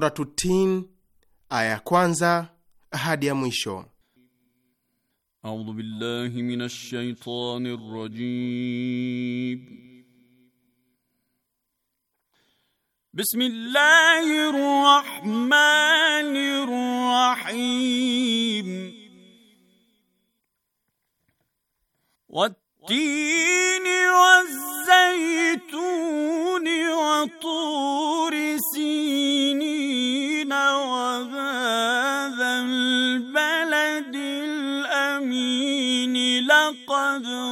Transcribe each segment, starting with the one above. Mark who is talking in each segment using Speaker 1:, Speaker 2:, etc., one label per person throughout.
Speaker 1: Suratu Tin, aya ya kwanza hadi ya mwisho.
Speaker 2: A'udhu billahi minash shaitani rrajim. Bismillahir rahmanir rahim. Wat-tini waz-zaytuni wa turi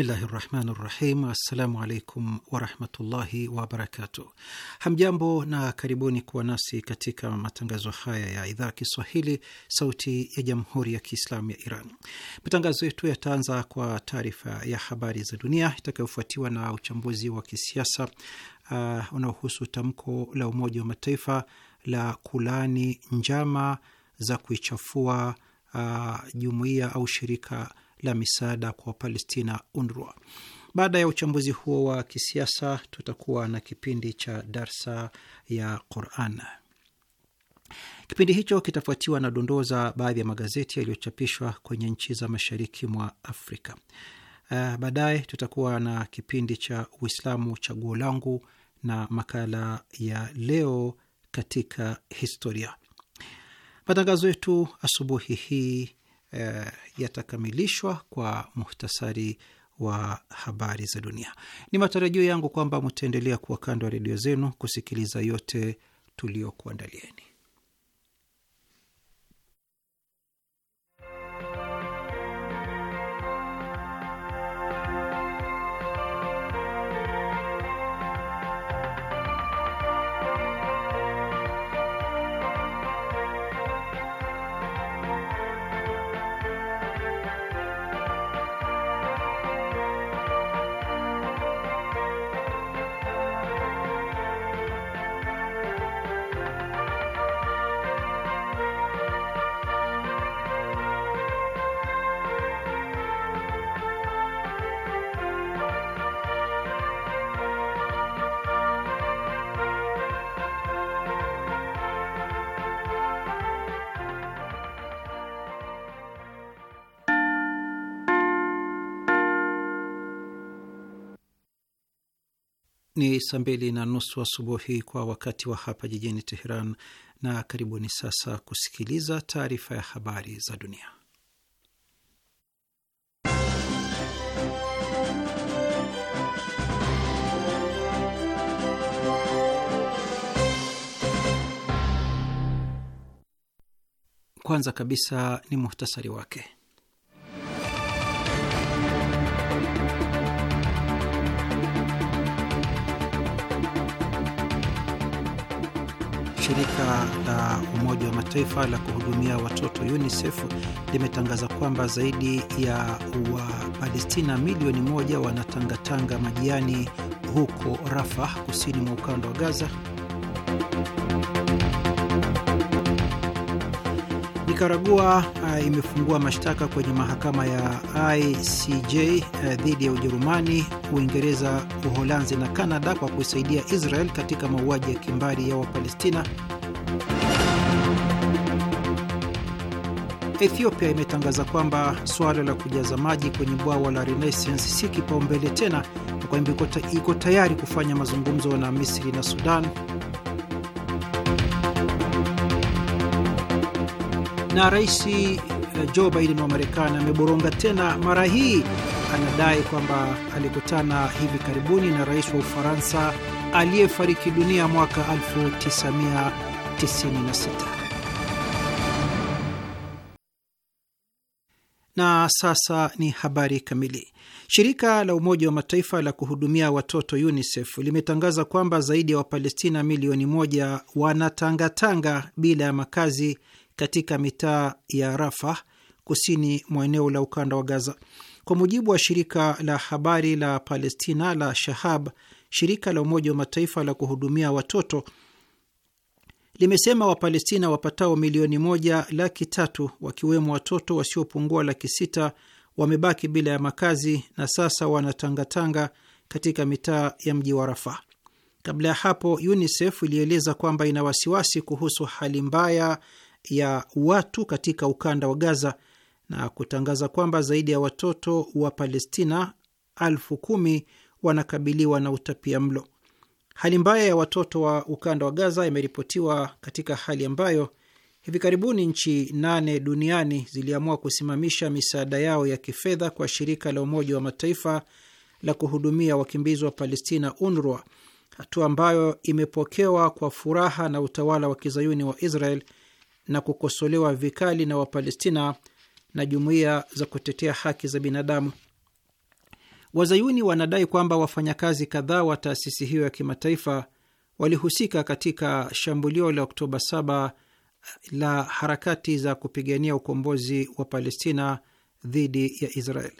Speaker 1: Bismillahi rahmani rahim. Assalamu alaikum warahmatullahi wabarakatuh. Hamjambo na karibuni kuwa nasi katika matangazo haya ya idhaa ya Kiswahili, Sauti ya Jamhuri ya Kiislamu ya Iran. Matangazo yetu yataanza kwa taarifa ya habari za dunia itakayofuatiwa na uchambuzi wa kisiasa uh, unaohusu tamko la Umoja wa Mataifa la kulani njama za kuichafua uh, jumuiya au shirika la misaada kwa Wapalestina, UNRWA. Baada ya uchambuzi huo wa kisiasa, tutakuwa na kipindi cha darsa ya Quran. Kipindi hicho kitafuatiwa na dondoo za baadhi ya magazeti yaliyochapishwa kwenye nchi za mashariki mwa Afrika. Uh, baadaye tutakuwa na kipindi cha Uislamu chaguo langu na makala ya leo katika historia. Matangazo yetu asubuhi hii eh, yatakamilishwa kwa muhtasari wa habari za dunia. Ni matarajio yangu kwamba mtaendelea kuwa kando ya redio zenu kusikiliza yote tuliokuandalieni Ni saa mbili na nusu asubuhi wa kwa wakati wa hapa jijini Teheran, na karibuni sasa kusikiliza taarifa ya habari za dunia. Kwanza kabisa ni muhtasari wake. shirika la Umoja wa Mataifa la kuhudumia watoto UNICEF limetangaza kwamba zaidi ya Wapalestina milioni moja wanatangatanga majiani huko rafa kusini mwa ukanda wa Gaza. Nikaragua uh, imefungua mashtaka kwenye mahakama ya ICJ uh, dhidi ya Ujerumani, Uingereza, Uholanzi na Kanada kwa kuisaidia Israel katika mauaji ya kimbari ya Wapalestina. Ethiopia imetangaza kwamba suala la kujaza maji kwenye bwawa la Renaissance si kipaumbele tena na kwamba iko tayari kufanya mazungumzo na Misri na Sudan. Na Rais eh, Joe Biden wa Marekani ameboronga tena, mara hii anadai kwamba alikutana hivi karibuni na rais wa Ufaransa aliyefariki dunia mwaka 1996. Na sasa ni habari kamili. Shirika la Umoja wa Mataifa la kuhudumia watoto UNICEF limetangaza kwamba zaidi ya wa Wapalestina milioni moja wanatangatanga bila ya makazi katika mitaa ya Rafah kusini mwa eneo la ukanda wa Gaza. Kwa mujibu wa shirika la habari la Palestina la Shahab, shirika la Umoja wa Mataifa la kuhudumia watoto limesema Wapalestina wapatao milioni moja laki tatu wakiwemo watoto wasiopungua laki sita wamebaki bila ya makazi na sasa wanatangatanga katika mitaa ya mji wa Rafaa. Kabla ya hapo, UNICEF ilieleza kwamba ina wasiwasi kuhusu hali mbaya ya watu katika ukanda wa Gaza na kutangaza kwamba zaidi ya watoto wa Palestina elfu kumi wanakabiliwa na utapia mlo. Hali mbaya ya watoto wa ukanda wa Gaza imeripotiwa katika hali ambayo hivi karibuni nchi nane duniani ziliamua kusimamisha misaada yao ya kifedha kwa shirika la Umoja wa Mataifa la kuhudumia wakimbizi wa Palestina, UNRWA, hatua ambayo imepokewa kwa furaha na utawala wa kizayuni wa Israel na kukosolewa vikali na Wapalestina na jumuiya za kutetea haki za binadamu. Wazayuni wanadai kwamba wafanyakazi kadhaa wa taasisi hiyo ya kimataifa walihusika katika shambulio la Oktoba 7 la harakati za kupigania ukombozi wa Palestina dhidi ya Israel.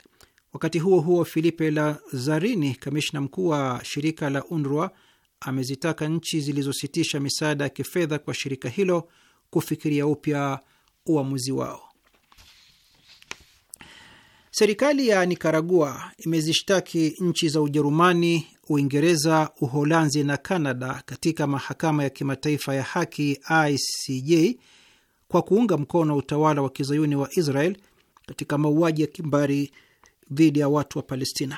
Speaker 1: Wakati huo huo, Filipe Lazzarini, kamishna mkuu wa shirika la UNRWA, amezitaka nchi zilizositisha misaada ya kifedha kwa shirika hilo kufikiria upya uamuzi wao. Serikali ya Nikaragua imezishtaki nchi za Ujerumani, Uingereza, Uholanzi na Kanada katika mahakama ya kimataifa ya haki ICJ kwa kuunga mkono utawala wa kizayuni wa Israel katika mauaji ya kimbari dhidi ya watu wa Palestina.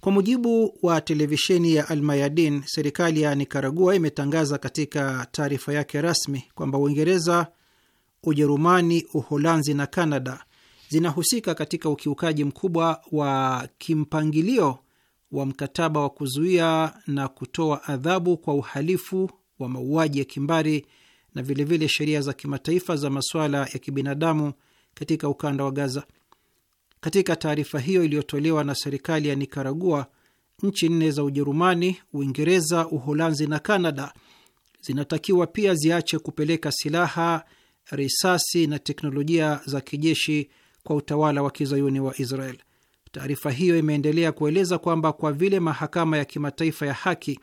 Speaker 1: Kwa mujibu wa televisheni ya Almayadin, serikali ya Nikaragua imetangaza katika taarifa yake rasmi kwamba Uingereza, Ujerumani, Uholanzi na Kanada zinahusika katika ukiukaji mkubwa wa kimpangilio wa mkataba wa kuzuia na kutoa adhabu kwa uhalifu wa mauaji ya kimbari na vilevile sheria za kimataifa za masuala ya kibinadamu katika ukanda wa Gaza. Katika taarifa hiyo iliyotolewa na serikali ya Nikaragua, nchi nne za Ujerumani, Uingereza, Uholanzi na Kanada zinatakiwa pia ziache kupeleka silaha, risasi na teknolojia za kijeshi kwa utawala wa kizayuni wa Israel. Taarifa hiyo imeendelea kueleza kwamba kwa vile mahakama ya kimataifa ya haki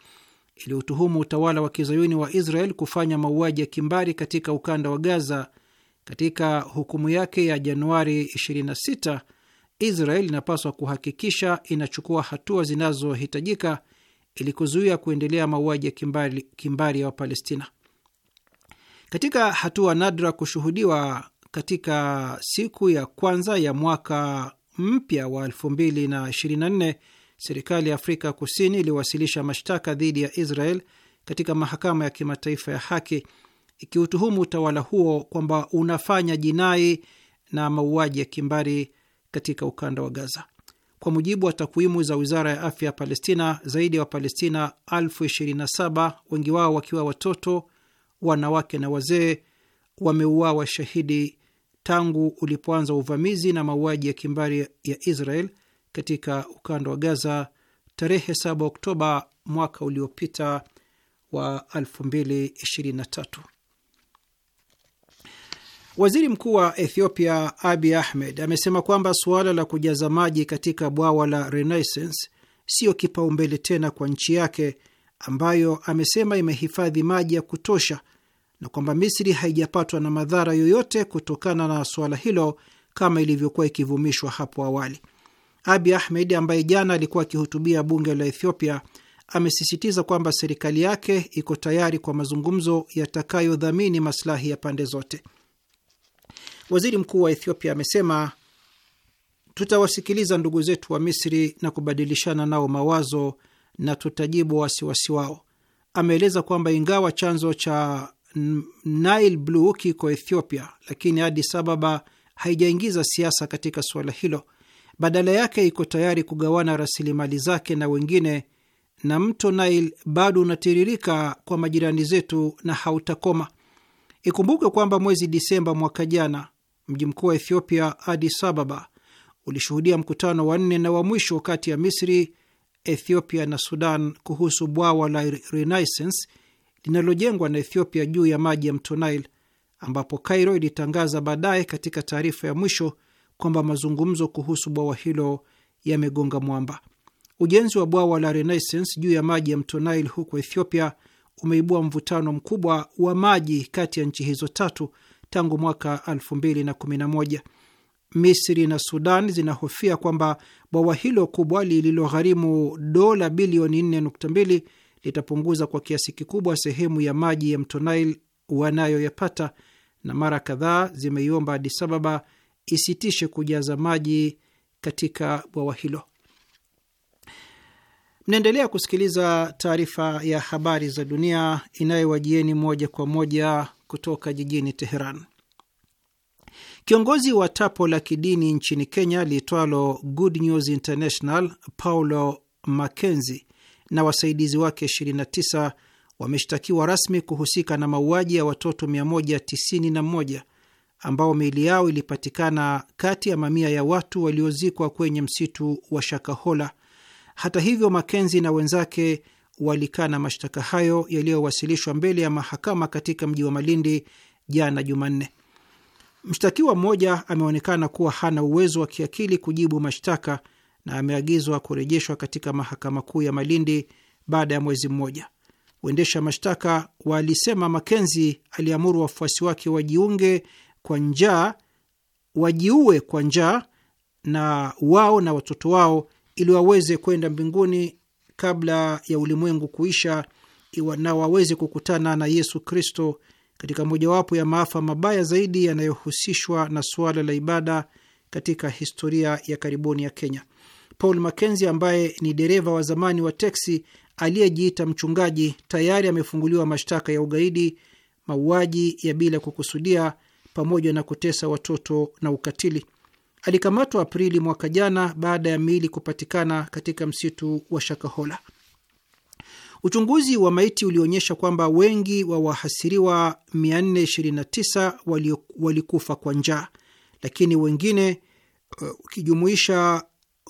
Speaker 1: iliyotuhumu utawala wa kizayuni wa Israel kufanya mauaji ya kimbari katika ukanda wa Gaza katika hukumu yake ya Januari 26, Israel inapaswa kuhakikisha inachukua hatua zinazohitajika ili kuzuia kuendelea mauaji ya kimbari, kimbari ya Wapalestina. Katika hatua nadra kushuhudiwa katika siku ya kwanza ya mwaka mpya wa 2024 serikali ya Afrika Kusini iliwasilisha mashtaka dhidi ya Israel katika mahakama ya kimataifa ya haki ikiutuhumu utawala huo kwamba unafanya jinai na mauaji ya kimbari katika ukanda wa Gaza. Kwa mujibu wa takwimu za wizara ya afya ya Palestina, zaidi ya wa Wapalestina 27 wengi wao wakiwa watoto, wanawake na wazee, wameuawa shahidi tangu ulipoanza uvamizi na mauaji ya kimbari ya Israel katika ukanda wa Gaza tarehe 7 Oktoba mwaka uliopita wa 2023. Waziri mkuu wa Ethiopia Abiy Ahmed amesema kwamba suala la kujaza maji katika bwawa la Renaissance siyo kipaumbele tena kwa nchi yake ambayo amesema imehifadhi maji ya kutosha na kwamba Misri haijapatwa na madhara yoyote kutokana na suala hilo kama ilivyokuwa ikivumishwa hapo awali. Abi Ahmed ambaye jana alikuwa akihutubia bunge la Ethiopia amesisitiza kwamba serikali yake iko tayari kwa mazungumzo yatakayodhamini maslahi ya pande zote. Waziri mkuu wa Ethiopia amesema, tutawasikiliza ndugu zetu wa Misri na kubadilishana nao mawazo na tutajibu wasiwasi wao. Ameeleza kwamba ingawa chanzo cha Nile Blue kiko Ethiopia, lakini Addis Ababa haijaingiza siasa katika suala hilo. Badala yake iko tayari kugawana rasilimali zake na wengine, na mto Nile bado unatiririka kwa majirani zetu na hautakoma. Ikumbukwe kwamba mwezi Disemba mwaka jana mji mkuu wa Ethiopia, Addis Ababa, ulishuhudia mkutano wa nne na wa mwisho kati ya Misri, Ethiopia na Sudan kuhusu bwawa la Renaissance linalojengwa na Ethiopia juu ya maji ya mto Nile, ambapo Cairo ilitangaza baadaye katika taarifa ya mwisho kwamba mazungumzo kuhusu bwawa hilo yamegonga mwamba. Ujenzi wa bwawa la Renaissance juu ya maji ya mto Nile huko Ethiopia umeibua mvutano mkubwa wa maji kati ya nchi hizo tatu tangu mwaka 2011. Misri na Sudan zinahofia kwamba bwawa hilo kubwa lililogharimu dola bilioni 4.2 litapunguza kwa kiasi kikubwa sehemu ya maji ya mto Nile wanayoyapata, na mara kadhaa zimeiomba Addis Ababa isitishe kujaza maji katika bwawa hilo. Mnaendelea kusikiliza taarifa ya habari za dunia inayowajieni moja kwa moja kutoka jijini Teheran. Kiongozi wa tapo la kidini nchini Kenya liitwalo Good News International, Paulo Makenzi na wasaidizi wake 29 wameshtakiwa rasmi kuhusika na mauaji ya watoto 191 ambao miili yao ilipatikana kati ya mamia ya watu waliozikwa kwenye msitu wa Shakahola. Hata hivyo, Makenzi na wenzake walikana mashtaka hayo yaliyowasilishwa mbele ya mahakama katika mji wa Malindi jana Jumanne. Mshtakiwa mmoja ameonekana kuwa hana uwezo wa kiakili kujibu mashtaka na ameagizwa kurejeshwa katika mahakama kuu ya Malindi baada ya mwezi mmoja. Waendesha mashtaka walisema Makenzi aliamuru wafuasi wake wajiunge kwa njaa, wajiue kwa njaa na wao na watoto wao ili waweze kwenda mbinguni kabla ya ulimwengu kuisha na waweze kukutana na Yesu Kristo katika mojawapo ya maafa mabaya zaidi yanayohusishwa na suala la ibada katika historia ya karibuni ya Kenya. Paul Mackenzie ambaye ni dereva wa zamani wa teksi aliyejiita mchungaji tayari amefunguliwa mashtaka ya ugaidi, mauaji ya bila kukusudia, pamoja na kutesa watoto na ukatili. Alikamatwa Aprili mwaka jana baada ya miili kupatikana katika msitu wa Shakahola. Uchunguzi wa maiti ulionyesha kwamba wengi wa wahasiriwa 429 walikufa kwa njaa, lakini wengine uh, ukijumuisha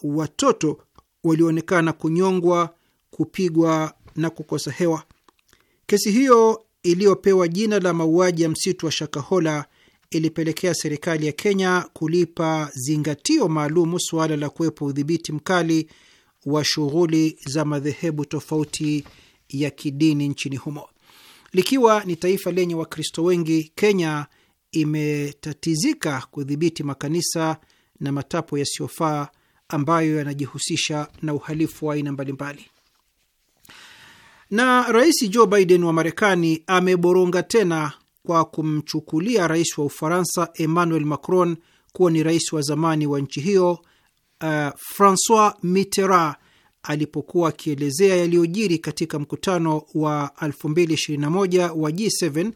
Speaker 1: watoto walioonekana kunyongwa, kupigwa na kukosa hewa. Kesi hiyo iliyopewa jina la mauaji ya msitu wa Shakahola ilipelekea serikali ya Kenya kulipa zingatio maalumu suala la kuwepo udhibiti mkali wa shughuli za madhehebu tofauti ya kidini nchini humo. Likiwa ni taifa lenye Wakristo wengi, Kenya imetatizika kudhibiti makanisa na matapo yasiyofaa ambayo yanajihusisha na uhalifu wa aina mbalimbali. Na Rais Joe Biden wa Marekani ameboronga tena kwa kumchukulia rais wa Ufaransa Emmanuel Macron kuwa ni rais wa zamani wa nchi hiyo uh, Francois Mitterrand alipokuwa akielezea yaliyojiri katika mkutano wa 2021 wa G7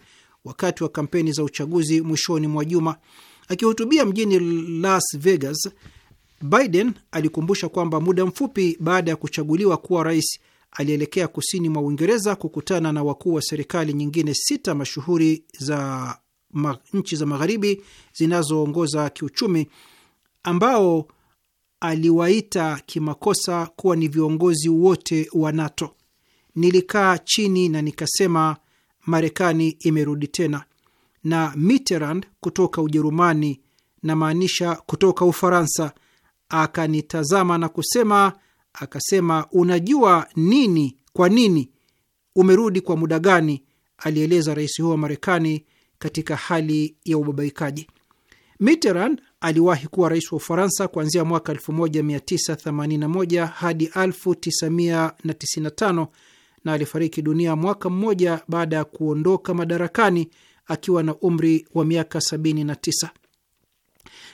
Speaker 1: wakati wa kampeni za uchaguzi mwishoni mwa juma. Akihutubia mjini Las Vegas, Biden alikumbusha kwamba muda mfupi baada ya kuchaguliwa kuwa rais alielekea kusini mwa Uingereza kukutana na wakuu wa serikali nyingine sita mashuhuri za ma, nchi za magharibi zinazoongoza kiuchumi ambao aliwaita kimakosa kuwa ni viongozi wote wa NATO. Nilikaa chini na nikasema Marekani imerudi tena, na Mitterrand kutoka Ujerumani, namaanisha kutoka Ufaransa, akanitazama na kusema, akasema, unajua nini? Kwa nini umerudi? Kwa muda gani? alieleza rais huo wa Marekani katika hali ya ubabaikaji. Mitterrand aliwahi kuwa rais wa Ufaransa kuanzia mwaka 1981 hadi 1995 na alifariki dunia mwaka mmoja baada ya kuondoka madarakani akiwa na umri wa miaka 79.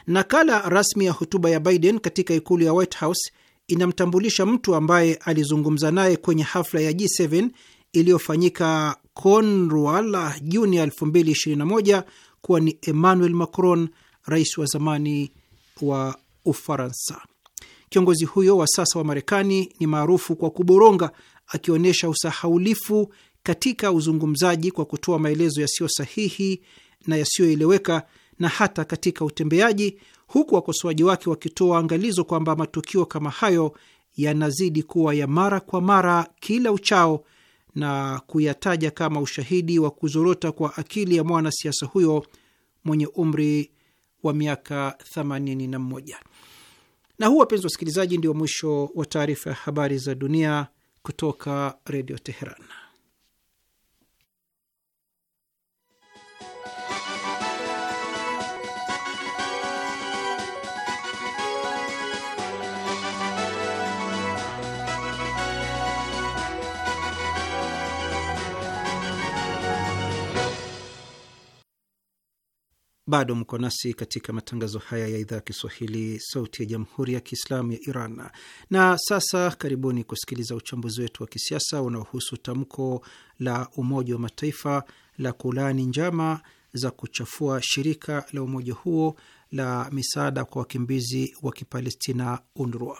Speaker 1: Nakala rasmi ya hotuba ya Biden katika ikulu ya White House inamtambulisha mtu ambaye alizungumza naye kwenye hafla ya G7 iliyofanyika Cornwall Juni 2021 kuwa ni Emmanuel Macron, rais wa zamani wa Ufaransa. Kiongozi huyo wa sasa wa Marekani ni maarufu kwa kuboronga, akionyesha usahaulifu katika uzungumzaji kwa kutoa maelezo yasiyo sahihi na yasiyoeleweka na hata katika utembeaji, huku wakosoaji wake wakitoa angalizo kwamba matukio kama hayo yanazidi kuwa ya mara kwa mara kila uchao na kuyataja kama ushahidi wa kuzorota kwa akili ya mwanasiasa huyo mwenye umri wa miaka 81. Na huu, wapenzi wasikilizaji, ndio mwisho wa taarifa ya habari za dunia kutoka Redio Teheran. Bado mko nasi katika matangazo haya ya idhaa ya Kiswahili, sauti ya jamhuri ya kiislamu ya Iran. Na sasa karibuni kusikiliza uchambuzi wetu wa kisiasa unaohusu tamko la Umoja wa Mataifa la kulaani njama za kuchafua shirika la umoja huo la misaada kwa wakimbizi wa Kipalestina, UNRWA.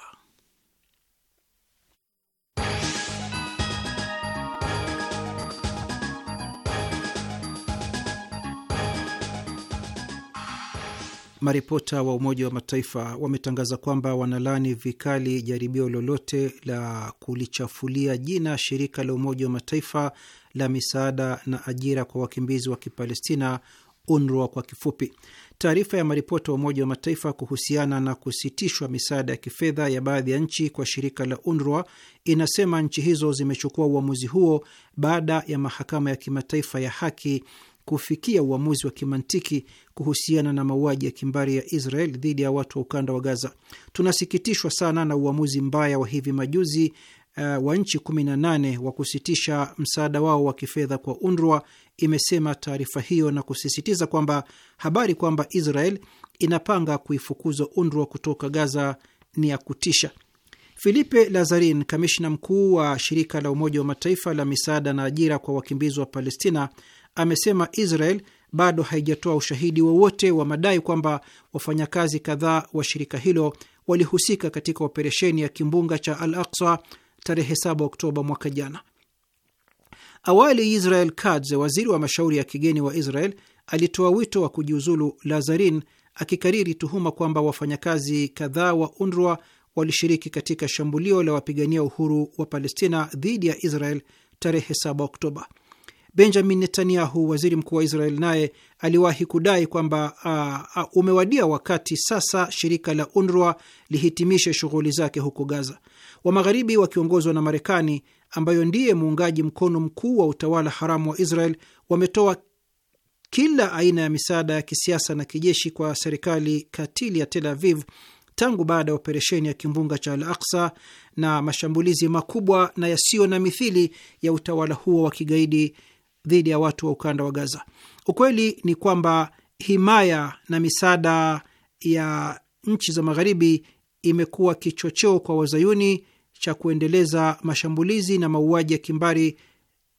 Speaker 1: Maripota wa Umoja wa Mataifa wametangaza kwamba wanalani vikali jaribio lolote la kulichafulia jina shirika la Umoja wa Mataifa la misaada na ajira kwa wakimbizi wa Kipalestina, UNRWA kwa kifupi. Taarifa ya maripota wa Umoja wa Mataifa kuhusiana na kusitishwa misaada ya kifedha ya baadhi ya nchi kwa shirika la UNRWA inasema nchi hizo zimechukua uamuzi huo baada ya mahakama ya kimataifa ya haki kufikia uamuzi wa kimantiki kuhusiana na mauaji ya kimbari ya Israel dhidi ya watu wa ukanda wa Gaza. Tunasikitishwa sana na uamuzi mbaya wa hivi majuzi uh, wa nchi 18 wa kusitisha msaada wao wa kifedha kwa UNRWA, imesema taarifa hiyo, na kusisitiza kwamba habari kwamba Israel inapanga kuifukuza UNRWA kutoka Gaza ni ya kutisha. Filipe Lazarin, kamishna mkuu wa shirika la Umoja wa Mataifa la misaada na ajira kwa wakimbizi wa Palestina, amesema Israel bado haijatoa ushahidi wowote wa, wa madai kwamba wafanyakazi kadhaa wa shirika hilo walihusika katika operesheni ya kimbunga cha Al Aqsa tarehe 7 Oktoba mwaka jana. Awali Israel Katz, waziri wa mashauri ya kigeni wa Israel, alitoa wito wa kujiuzulu Lazarin, akikariri tuhuma kwamba wafanyakazi kadhaa wa UNRWA walishiriki katika shambulio la wapigania uhuru wa Palestina dhidi ya Israel tarehe 7 Oktoba. Benjamin Netanyahu, waziri mkuu wa Israel, naye aliwahi kudai kwamba uh, uh, umewadia wakati sasa shirika la UNRWA lihitimishe shughuli zake huko Gaza. Wa Magharibi wakiongozwa na Marekani, ambayo ndiye muungaji mkono mkuu wa utawala haramu wa Israel, wametoa kila aina ya misaada ya kisiasa na kijeshi kwa serikali katili ya Tel Aviv tangu baada ya operesheni ya kimbunga cha Al Aksa na mashambulizi makubwa na yasiyo na mithili ya utawala huo wa kigaidi dhidi ya watu wa ukanda wa Gaza. Ukweli ni kwamba himaya na misaada ya nchi za Magharibi imekuwa kichocheo kwa wazayuni cha kuendeleza mashambulizi na mauaji ya kimbari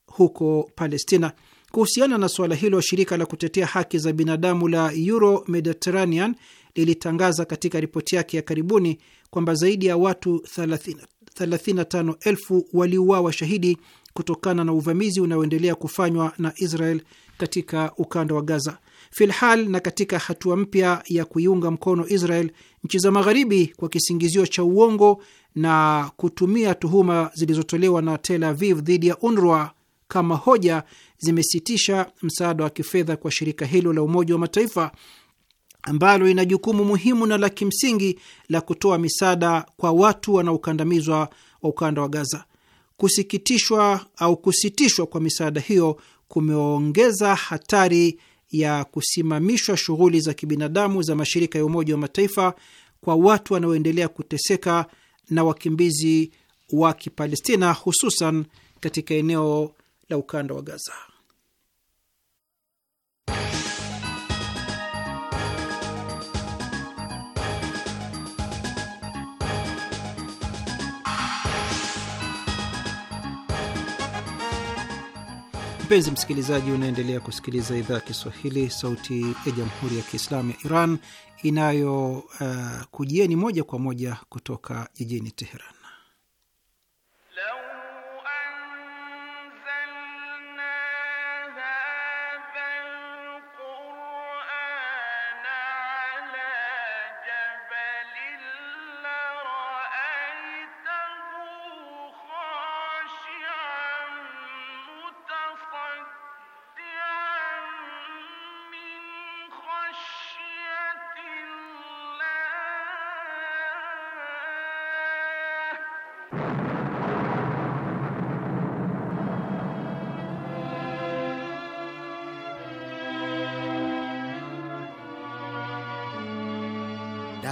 Speaker 1: huko Palestina. Kuhusiana na suala hilo, shirika la kutetea haki za binadamu la Euro Mediterranean lilitangaza katika ripoti yake ya karibuni kwamba zaidi ya watu 35,000 waliuawa shahidi kutokana na uvamizi unaoendelea kufanywa na Israel katika ukanda wa Gaza. Filhal, na katika hatua mpya ya kuiunga mkono Israel, nchi za Magharibi kwa kisingizio cha uongo na kutumia tuhuma zilizotolewa na Tel Aviv dhidi ya UNRWA kama hoja zimesitisha msaada wa kifedha kwa shirika hilo la Umoja wa Mataifa ambalo lina jukumu muhimu na la kimsingi la kutoa misaada kwa watu wanaokandamizwa wa ukanda wa Gaza kusikitishwa au kusitishwa kwa misaada hiyo kumeongeza hatari ya kusimamishwa shughuli za kibinadamu za mashirika ya Umoja wa Mataifa kwa watu wanaoendelea kuteseka na wakimbizi wa Kipalestina, hususan katika eneo la ukanda wa Gaza. Mpenzi msikilizaji, unaendelea kusikiliza idhaa ya Kiswahili, sauti ya jamhuri ya kiislamu ya Iran inayokujieni uh, moja kwa moja kutoka jijini Teheran.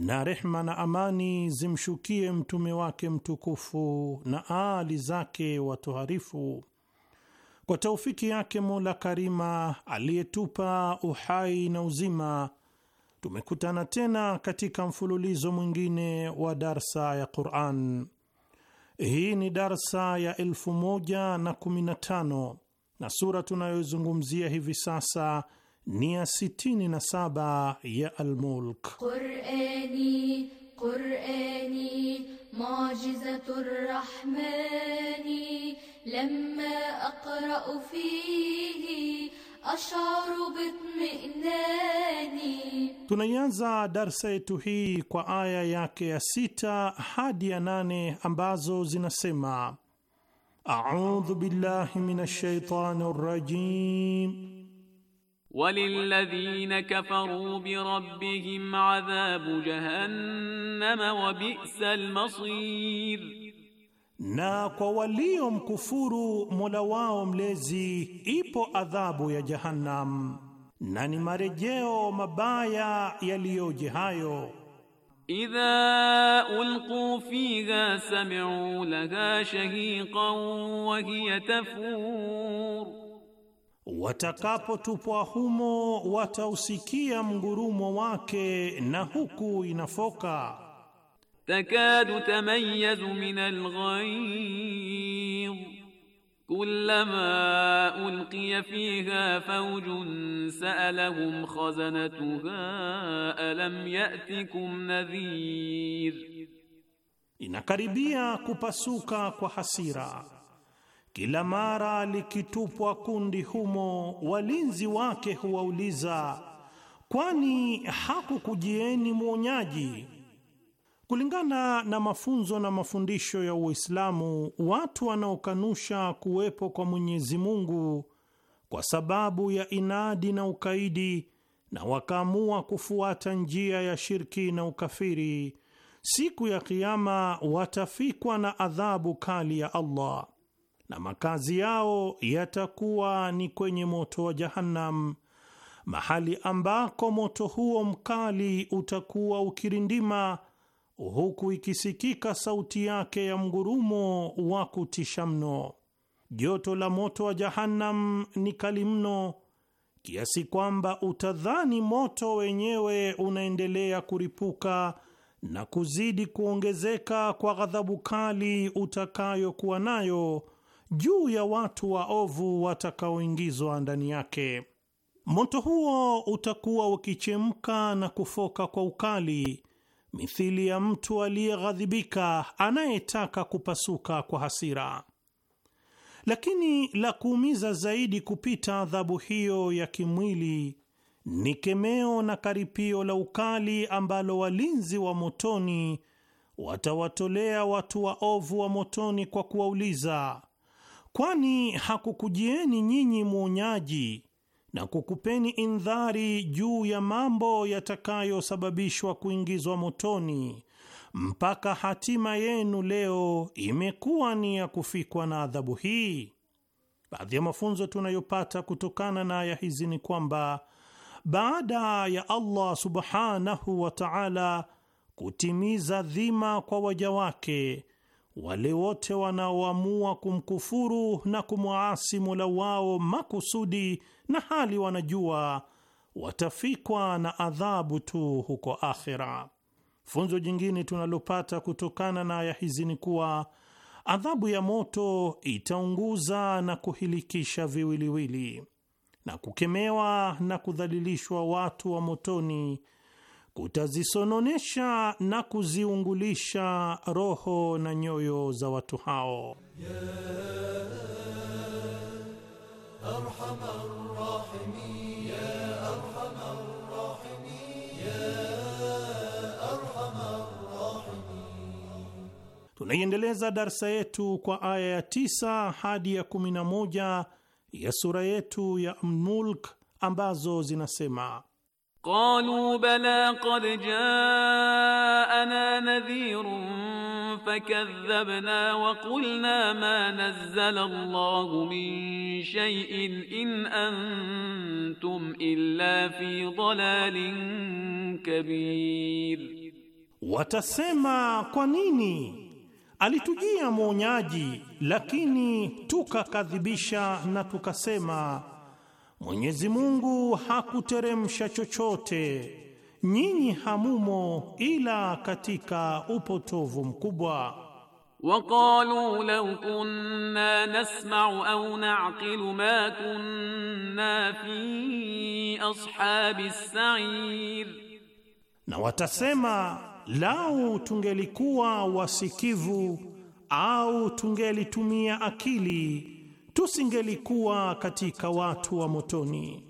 Speaker 3: na rehma na amani zimshukie mtume wake mtukufu na aali zake watoharifu. Kwa taufiki yake Mola Karima aliyetupa uhai na uzima, tumekutana tena katika mfululizo mwingine wa darsa ya Quran. Hii ni darsa ya elfu moja na kumi na tano na sura tunayozungumzia hivi sasa ni ya 67 ya Almulk.
Speaker 2: Qurani, Qurani,
Speaker 4: mu'jizatur rahmani lamma aqra'u fihi asharu bitminani.
Speaker 3: Tunaianza darsa yetu hii kwa aya yake ya sita hadi ya nane ambazo zinasema: audhu billahi minash shaitani rajim
Speaker 5: وللذين كفروا بربهم عذاب جهنم وبئس المصير
Speaker 3: na kwa waliomkufuru Mola wao mlezi ipo adhabu ya Jahannam, na ni marejeo mabaya yaliyoje hayo.
Speaker 5: Idha ulqu fiha sami'u laha shahiqan wa hiya tafur
Speaker 3: watakapotupwa humo watausikia mgurumo wake, na huku inafoka.
Speaker 5: takadu tamayyazu min alghayr kullama ulqiya fiha fawjun sa'alahum khazanatuha alam ya'tikum nadhir,
Speaker 3: inakaribia kupasuka kwa hasira kila mara likitupwa kundi humo, walinzi wake huwauliza, kwani hakukujieni mwonyaji? Kulingana na mafunzo na mafundisho ya Uislamu, watu wanaokanusha kuwepo kwa Mwenyezi Mungu kwa sababu ya inadi na ukaidi na wakaamua kufuata njia ya shirki na ukafiri, siku ya Kiama watafikwa na adhabu kali ya Allah na makazi yao yatakuwa ni kwenye moto wa Jahannam, mahali ambako moto huo mkali utakuwa ukirindima, huku ikisikika sauti yake ya mgurumo wa kutisha mno. Joto la moto wa Jahannam ni kali mno kiasi kwamba utadhani moto wenyewe unaendelea kuripuka na kuzidi kuongezeka kwa ghadhabu kali utakayokuwa nayo juu ya watu waovu watakaoingizwa ndani yake. Moto huo utakuwa ukichemka na kufoka kwa ukali, mithili ya mtu aliyeghadhibika anayetaka kupasuka kwa hasira. Lakini la kuumiza zaidi kupita adhabu hiyo ya kimwili ni kemeo na karipio la ukali ambalo walinzi wa motoni watawatolea watu waovu wa motoni kwa kuwauliza kwani hakukujieni nyinyi mwonyaji na kukupeni indhari juu ya mambo yatakayosababishwa kuingizwa motoni, mpaka hatima yenu leo imekuwa ni ya kufikwa na adhabu hii. Baadhi ya mafunzo tunayopata kutokana na aya hizi ni kwamba baada ya Allah subhanahu wa ta'ala kutimiza dhima kwa waja wake wale wote wanaoamua kumkufuru na kumwaasi Mola wao makusudi na hali wanajua watafikwa na adhabu tu huko akhira. Funzo jingine tunalopata kutokana na aya hizi ni kuwa adhabu ya moto itaunguza na kuhilikisha viwiliwili, na kukemewa na kudhalilishwa watu wa motoni kutazisononesha na kuziungulisha roho na nyoyo za watu hao Tunaiendeleza darsa yetu kwa aya ya tisa hadi ya kumi na moja ya sura yetu ya Mulk ambazo zinasema:
Speaker 5: Qalu bala qad jaana nadhirun fakadhabna wa qulna ma nazzala Allahu min shay'in in antum illa fi dhalalin kabir,
Speaker 3: watasema kwa nini alitujia mwonyaji lakini tukakadhibisha na tukasema Mwenyezi Mungu hakuteremsha chochote, nyinyi hamumo ila katika upotovu mkubwa.
Speaker 5: Waqalu law kunna nasma'u au na'qilu ma kunna fi ashabis sair
Speaker 3: na watasema lau tungelikuwa wasikivu au tungelitumia akili tusingelikuwa katika watu wa motoni.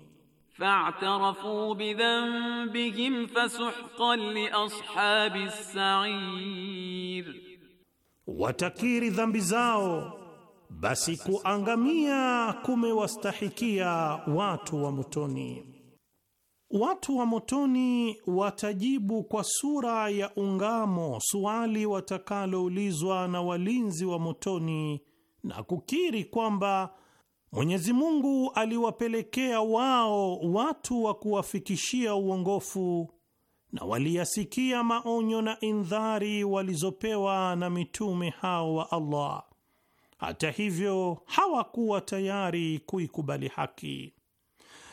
Speaker 5: Fa'tarafu bidhanbihim fasuhqan li ashabi sa'ir,
Speaker 3: watakiri dhambi zao, basi kuangamia kumewastahikia watu wa motoni. Watu wa motoni watajibu kwa sura ya ungamo suali watakaloulizwa na walinzi wa motoni na kukiri kwamba Mwenyezi Mungu aliwapelekea wao watu wa kuwafikishia uongofu na waliyasikia maonyo na indhari walizopewa na mitume hao wa Allah. Hata hivyo, hawakuwa tayari kuikubali haki,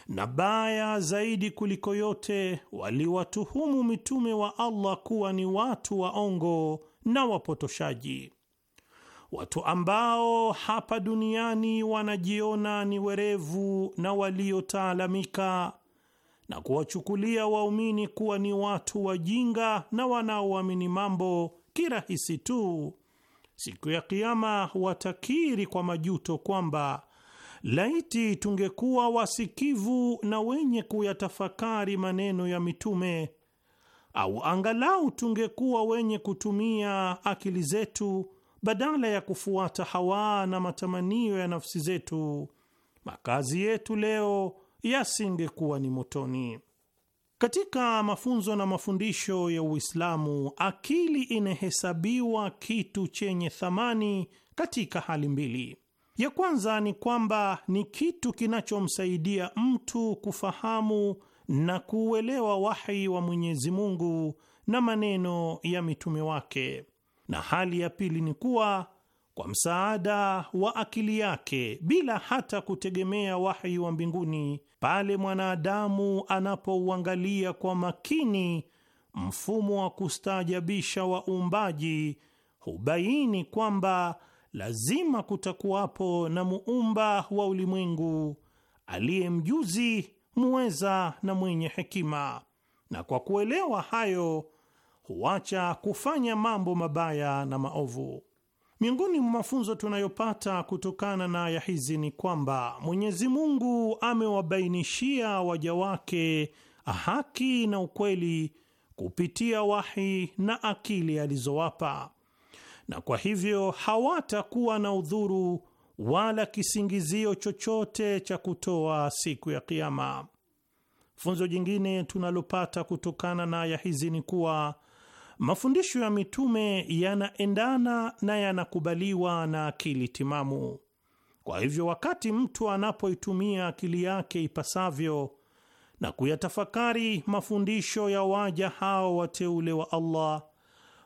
Speaker 3: na baya zaidi kuliko yote, waliwatuhumu mitume wa Allah kuwa ni watu waongo na wapotoshaji watu ambao hapa duniani wanajiona ni werevu na waliotaalamika na kuwachukulia waumini kuwa ni watu wajinga na wanaoamini mambo kirahisi tu, siku ya Kiama watakiri kwa majuto kwamba laiti tungekuwa wasikivu na wenye kuyatafakari maneno ya mitume, au angalau tungekuwa wenye kutumia akili zetu badala ya kufuata hawa na matamanio ya nafsi zetu, makazi yetu leo yasingekuwa ni motoni. Katika mafunzo na mafundisho ya Uislamu, akili inahesabiwa kitu chenye thamani katika hali mbili. Ya kwanza ni kwamba ni kitu kinachomsaidia mtu kufahamu na kuuelewa wahi wa Mwenyezi Mungu na maneno ya mitume wake na hali ya pili ni kuwa kwa msaada wa akili yake bila hata kutegemea wahi wa mbinguni, pale mwanadamu anapouangalia kwa makini mfumo wa kustaajabisha wa uumbaji, hubaini kwamba lazima kutakuwapo na muumba wa ulimwengu aliye mjuzi, muweza na mwenye hekima, na kwa kuelewa hayo huacha kufanya mambo mabaya na maovu. Miongoni mwa mafunzo tunayopata kutokana na aya hizi ni kwamba Mwenyezi Mungu amewabainishia waja wake haki na ukweli kupitia wahi na akili alizowapa, na kwa hivyo hawatakuwa na udhuru wala kisingizio chochote cha kutoa siku ya Kiama. Funzo jingine tunalopata kutokana na aya hizi ni kuwa Mafundisho ya mitume yanaendana na yanakubaliwa na akili timamu. Kwa hivyo, wakati mtu anapoitumia akili yake ipasavyo na kuyatafakari mafundisho ya waja hao wateule wa Allah,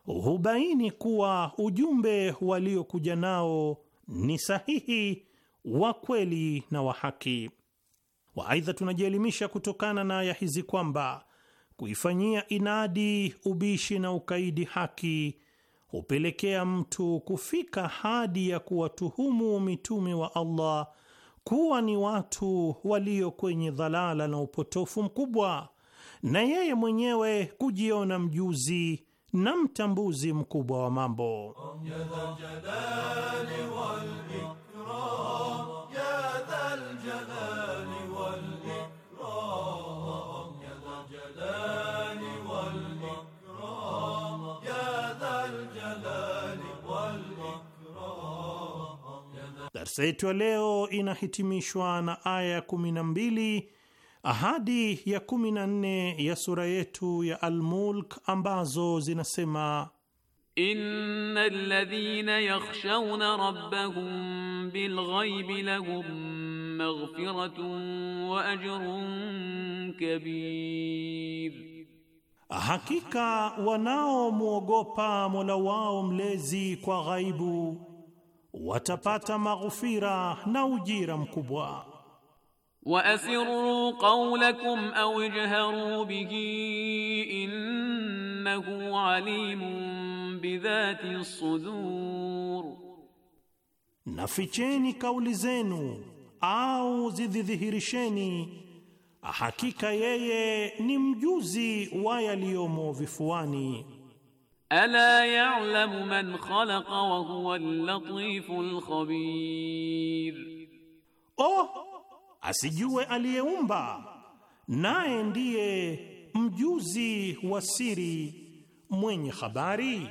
Speaker 3: hubaini kuwa ujumbe waliokuja nao ni sahihi, wa kweli na wa haki. Waaidha, tunajielimisha kutokana na aya hizi kwamba kuifanyia inadi, ubishi na ukaidi haki hupelekea mtu kufika hadi ya kuwatuhumu mitume wa Allah kuwa ni watu walio kwenye dhalala na upotofu mkubwa, na yeye mwenyewe kujiona mjuzi na mtambuzi mkubwa wa mambo. Darsa yetu ya leo inahitimishwa na aya ya 12 ahadi ya 14 ya sura yetu ya Almulk ambazo zinasema
Speaker 5: Innal ladhina yakhshawna rabbahum bil lahum maghfiratun wa ajrun kabir, hakika wanaomwogopa Mola wao mlezi
Speaker 3: kwa ghaibu watapata maghfira na ujira mkubwa.
Speaker 5: wa asirru qawlakum aw ijharu bihi innahu alimun bi dhati sudur,
Speaker 3: naficheni kauli zenu au zidhihirisheni, hakika yeye ni mjuzi wa yaliyomo vifuani.
Speaker 5: Ala ya'lamu man khalaqa wa huwa al-latiful khabir, oh,
Speaker 3: asijue aliyeumba naye ndiye mjuzi wa siri mwenye habari.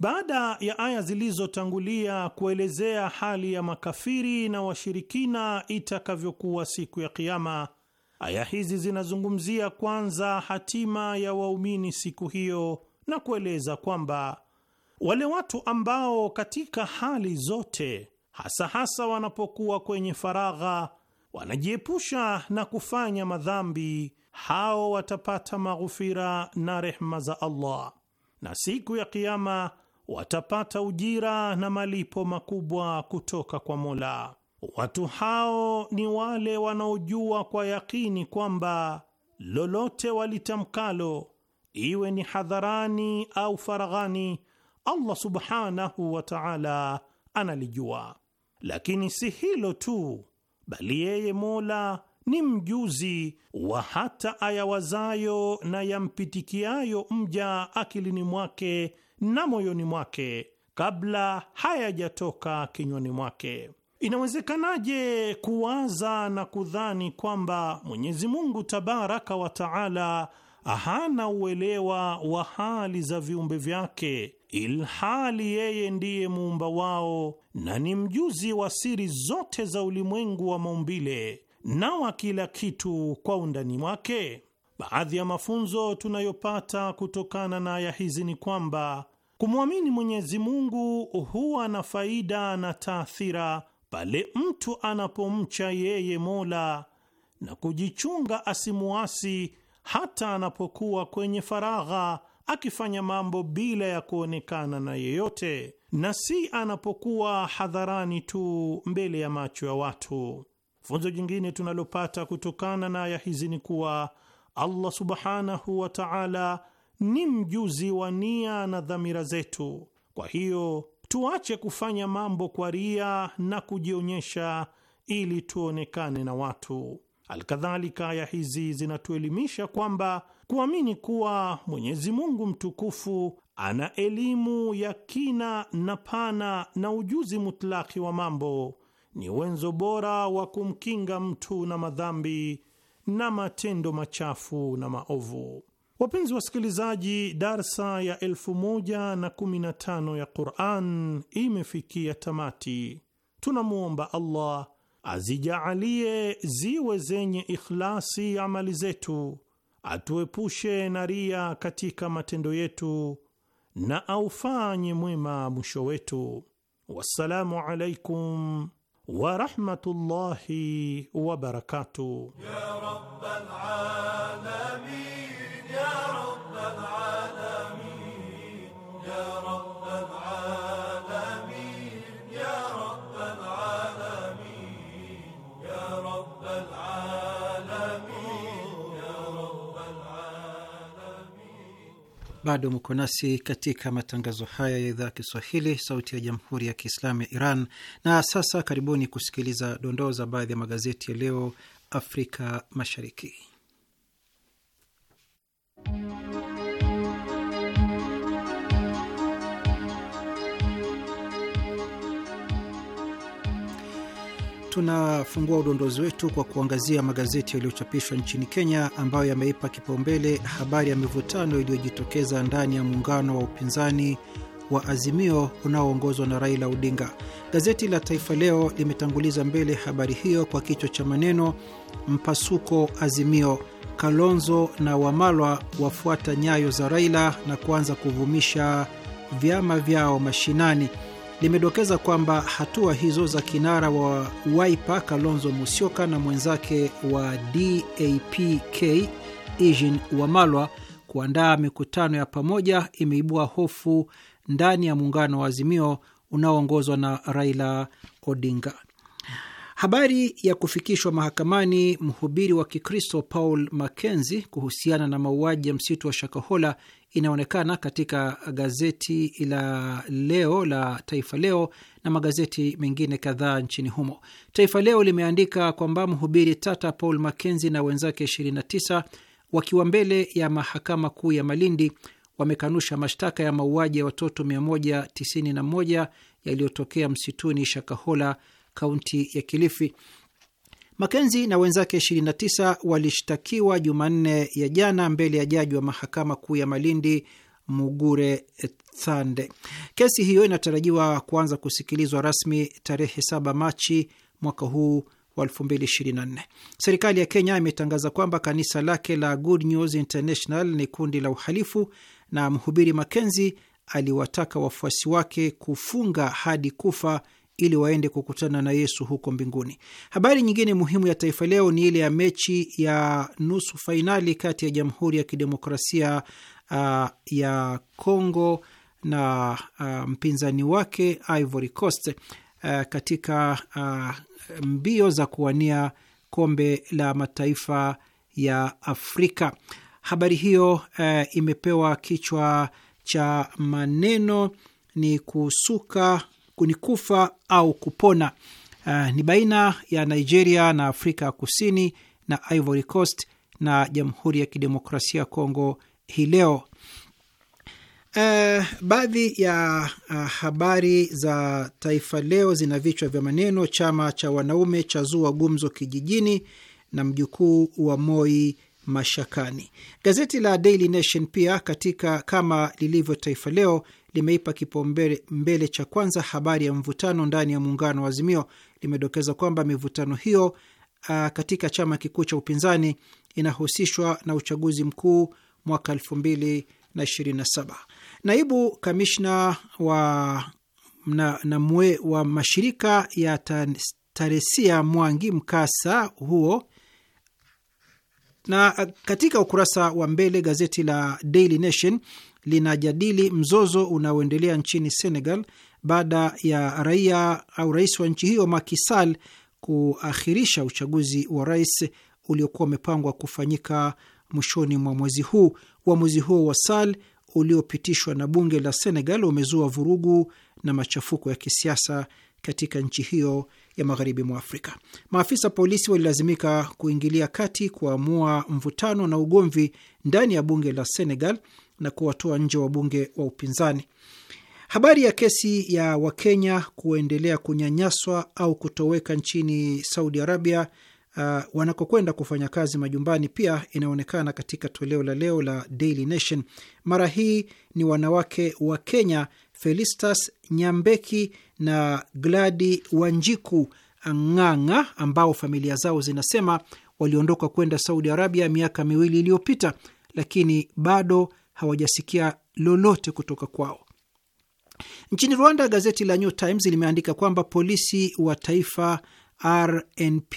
Speaker 3: Baada ya aya zilizotangulia kuelezea hali ya makafiri na washirikina itakavyokuwa siku ya Kiyama, aya hizi zinazungumzia kwanza hatima ya waumini siku hiyo na kueleza kwamba wale watu ambao katika hali zote, hasa hasa wanapokuwa kwenye faragha, wanajiepusha na kufanya madhambi, hao watapata maghufira na rehma za Allah, na siku ya Kiama watapata ujira na malipo makubwa kutoka kwa Mola. Watu hao ni wale wanaojua kwa yakini kwamba lolote walitamkalo iwe ni hadharani au faraghani, Allah subhanahu wa ta'ala analijua. Lakini si hilo tu, bali yeye Mola ni mjuzi wa hata ayawazayo na yampitikiayo mja akilini mwake na moyoni mwake kabla hayajatoka kinywani mwake. Inawezekanaje kuwaza na kudhani kwamba Mwenyezi Mungu tabaraka wa taala hana uelewa wa hali za viumbe vyake, ilhali yeye ndiye muumba wao na ni mjuzi wa siri zote za ulimwengu wa maumbile na wa kila kitu kwa undani wake. Baadhi ya mafunzo tunayopata kutokana na aya hizi ni kwamba kumwamini Mwenyezi Mungu huwa na faida na taathira pale mtu anapomcha yeye Mola na kujichunga asimuasi hata anapokuwa kwenye faragha akifanya mambo bila ya kuonekana na yeyote, na si anapokuwa hadharani tu mbele ya macho ya watu. Funzo jingine tunalopata kutokana na aya hizi ni kuwa Allah subhanahu wa ta'ala ni mjuzi wa nia na dhamira zetu. Kwa hiyo tuache kufanya mambo kwa ria na kujionyesha ili tuonekane na watu. Alkadhalika, aya hizi zinatuelimisha kwamba kuamini kuwa Mwenyezi Mungu mtukufu ana elimu ya kina na pana na ujuzi mutlaki wa mambo ni wenzo bora wa kumkinga mtu na madhambi na matendo machafu na maovu. Wapenzi wasikilizaji, darsa ya 115 ya Quran imefikia tamati. Tunamwomba Allah azijaalie ziwe zenye ikhlasi amali zetu, atuepushe na ria katika matendo yetu, na aufanye mwema mwisho wetu. Wassalamu alaikum warahmatullahi wabarakatuh. Ya
Speaker 1: bado mko nasi katika matangazo haya ya idhaa ya Kiswahili, sauti ya jamhuri ya kiislamu ya Iran. Na sasa karibuni kusikiliza dondoo za baadhi ya magazeti ya leo Afrika Mashariki. tunafungua udondozi wetu kwa kuangazia magazeti yaliyochapishwa nchini Kenya ambayo yameipa kipaumbele habari ya mivutano iliyojitokeza ndani ya muungano wa upinzani wa Azimio unaoongozwa na Raila Odinga. Gazeti la Taifa Leo limetanguliza mbele habari hiyo kwa kichwa cha maneno, mpasuko Azimio, Kalonzo na Wamalwa wafuata nyayo za Raila na kuanza kuvumisha vyama vyao mashinani limedokeza kwamba hatua hizo za kinara wa Wiper Kalonzo Musyoka na mwenzake wa dapk Ijin Wamalwa kuandaa mikutano ya pamoja imeibua hofu ndani ya muungano wa Azimio unaoongozwa na Raila Odinga. Habari ya kufikishwa mahakamani mhubiri wa Kikristo Paul Mackenzie kuhusiana na mauaji ya msitu wa Shakahola inaonekana katika gazeti la leo la Taifa Leo na magazeti mengine kadhaa nchini humo. Taifa Leo limeandika kwamba mhubiri tata Paul Makenzi na wenzake 29 wakiwa mbele ya mahakama kuu ya Malindi wamekanusha mashtaka ya mauaji ya watoto 191 yaliyotokea msituni Shakahola, kaunti ya Kilifi. Makenzi na wenzake 29 walishtakiwa Jumanne ya jana mbele ya jaji wa mahakama kuu ya Malindi Mugure Thande. Kesi hiyo inatarajiwa kuanza kusikilizwa rasmi tarehe 7 Machi mwaka huu wa 2024. Serikali ya Kenya imetangaza kwamba kanisa lake la Good News International ni kundi la uhalifu na mhubiri Makenzi aliwataka wafuasi wake kufunga hadi kufa ili waende kukutana na Yesu huko mbinguni. Habari nyingine muhimu ya Taifa Leo ni ile ya mechi ya nusu fainali kati ya Jamhuri ya Kidemokrasia uh, ya Kongo na uh, mpinzani wake Ivory Coast uh, katika uh, mbio za kuwania kombe la mataifa ya Afrika. Habari hiyo uh, imepewa kichwa cha maneno ni kusuka ni kufa au kupona. Uh, ni baina ya Nigeria na Afrika ya Kusini na Ivory Coast na Jamhuri ya Kidemokrasia ya Kongo hii leo. Uh, baadhi ya uh, habari za Taifa Leo zina vichwa vya maneno: chama cha wanaume cha zua gumzo kijijini, na mjukuu wa Moi mashakani. Gazeti la Daily Nation pia katika kama lilivyo Taifa Leo limeipa kipaumbele cha kwanza habari ya mvutano ndani ya muungano wa Azimio. Limedokeza kwamba mivutano hiyo a, ah, katika chama kikuu cha upinzani inahusishwa na uchaguzi mkuu mwaka saba. Naibu kamishna wa na, na mwe wa mashirika ya Taresia Mwangi mkasa huo na uh, katika ukurasa wa mbele gazeti la Daily Nation linajadili mzozo unaoendelea nchini Senegal baada ya raia au rais wa nchi hiyo Macky Sall uchaguzi wa rais uliokuwa umepangwa kufanyika mwishoni mwa mwezi huu. Uamuzi huo wa Sall uliopitishwa na bunge la Senegal umezua vurugu na machafuko ya kisiasa katika nchi hiyo ya magharibi mwa Afrika. Maafisa polisi walilazimika kuingilia kati kuamua mvutano na ugomvi ndani ya bunge la Senegal na kuwatoa nje wabunge wa upinzani. Habari ya kesi ya Wakenya kuendelea kunyanyaswa au kutoweka nchini Saudi Arabia uh, wanakokwenda kufanya kazi majumbani pia inaonekana katika toleo la leo la Daily Nation. Mara hii ni wanawake wa Kenya Felistas Nyambeki na Gladi Wanjiku Ng'ang'a ambao familia zao zinasema waliondoka kwenda Saudi Arabia miaka miwili iliyopita, lakini bado hawajasikia lolote kutoka kwao. Nchini Rwanda, gazeti la New Times limeandika kwamba polisi wa taifa RNP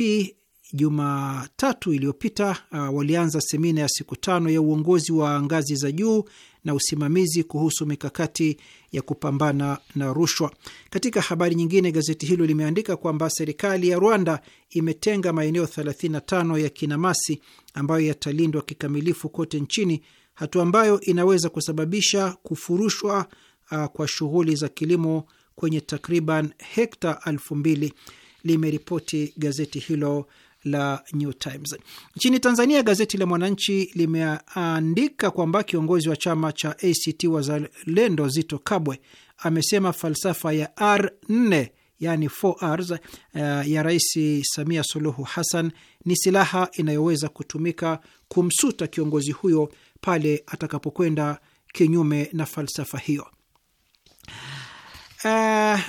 Speaker 1: Jumatatu iliyopita uh, walianza semina ya siku tano ya uongozi wa ngazi za juu na usimamizi kuhusu mikakati ya kupambana na rushwa. Katika habari nyingine, gazeti hilo limeandika kwamba serikali ya Rwanda imetenga maeneo 35 ya kinamasi ambayo yatalindwa kikamilifu kote nchini, hatua ambayo inaweza kusababisha kufurushwa uh, kwa shughuli za kilimo kwenye takriban hekta elfu mbili limeripoti gazeti hilo la New Times. Nchini Tanzania, gazeti la Mwananchi limeandika kwamba kiongozi wa chama cha ACT Wazalendo Zito Kabwe amesema falsafa ya R4 yani 4Rs uh, eh, ya Rais Samia Suluhu Hassan ni silaha inayoweza kutumika kumsuta kiongozi huyo pale atakapokwenda kinyume na falsafa hiyo. Uh,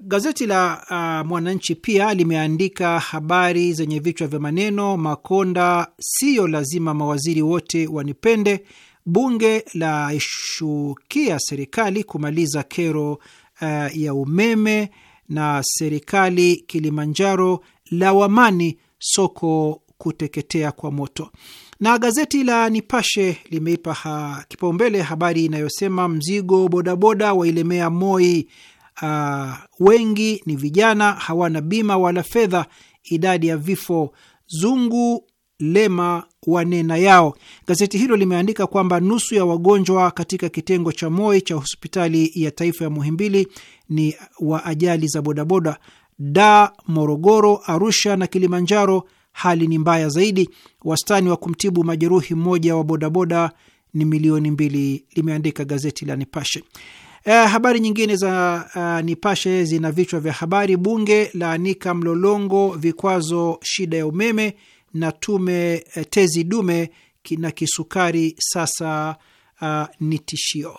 Speaker 1: Gazeti la uh, Mwananchi pia limeandika habari zenye vichwa vya maneno: Makonda siyo lazima mawaziri wote wanipende, bunge la ishukia serikali kumaliza kero uh, ya umeme, na serikali Kilimanjaro lawamani soko kuteketea kwa moto. Na gazeti la Nipashe limeipa ha, kipaumbele habari inayosema mzigo bodaboda wailemea Moi uh, wengi ni vijana, hawana bima wala fedha. Idadi ya vifo zungu lema wanena yao. Gazeti hilo limeandika kwamba nusu ya wagonjwa katika kitengo cha MOI cha hospitali ya taifa ya Muhimbili ni wa ajali za bodaboda. Da, Morogoro, Arusha na Kilimanjaro hali ni mbaya zaidi. Wastani wa kumtibu majeruhi mmoja wa bodaboda ni milioni mbili, limeandika gazeti la Nipashe. Eh, habari nyingine za uh, Nipashe zina vichwa vya habari: bunge laanika mlolongo vikwazo shida ya umeme, na tume eh, tezi dume na kisukari sasa uh, ni tishio.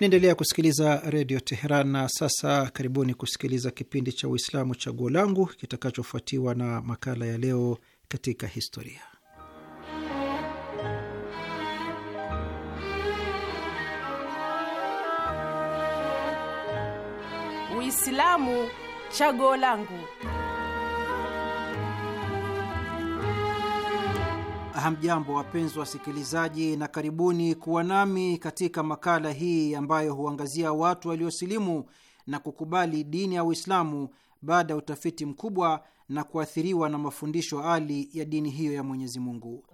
Speaker 1: Naendelea kusikiliza redio Teheran na sasa karibuni kusikiliza kipindi cha Uislamu Chaguo Langu kitakachofuatiwa na makala ya Leo katika Historia. Uislamu Chaguo Langu. Hamjambo, wapenzi wasikilizaji, na karibuni kuwa nami katika makala hii ambayo huangazia watu waliosilimu na kukubali dini ya Uislamu baada ya utafiti mkubwa na kuathiriwa na mafundisho ali ya dini hiyo ya Mwenyezi Mungu.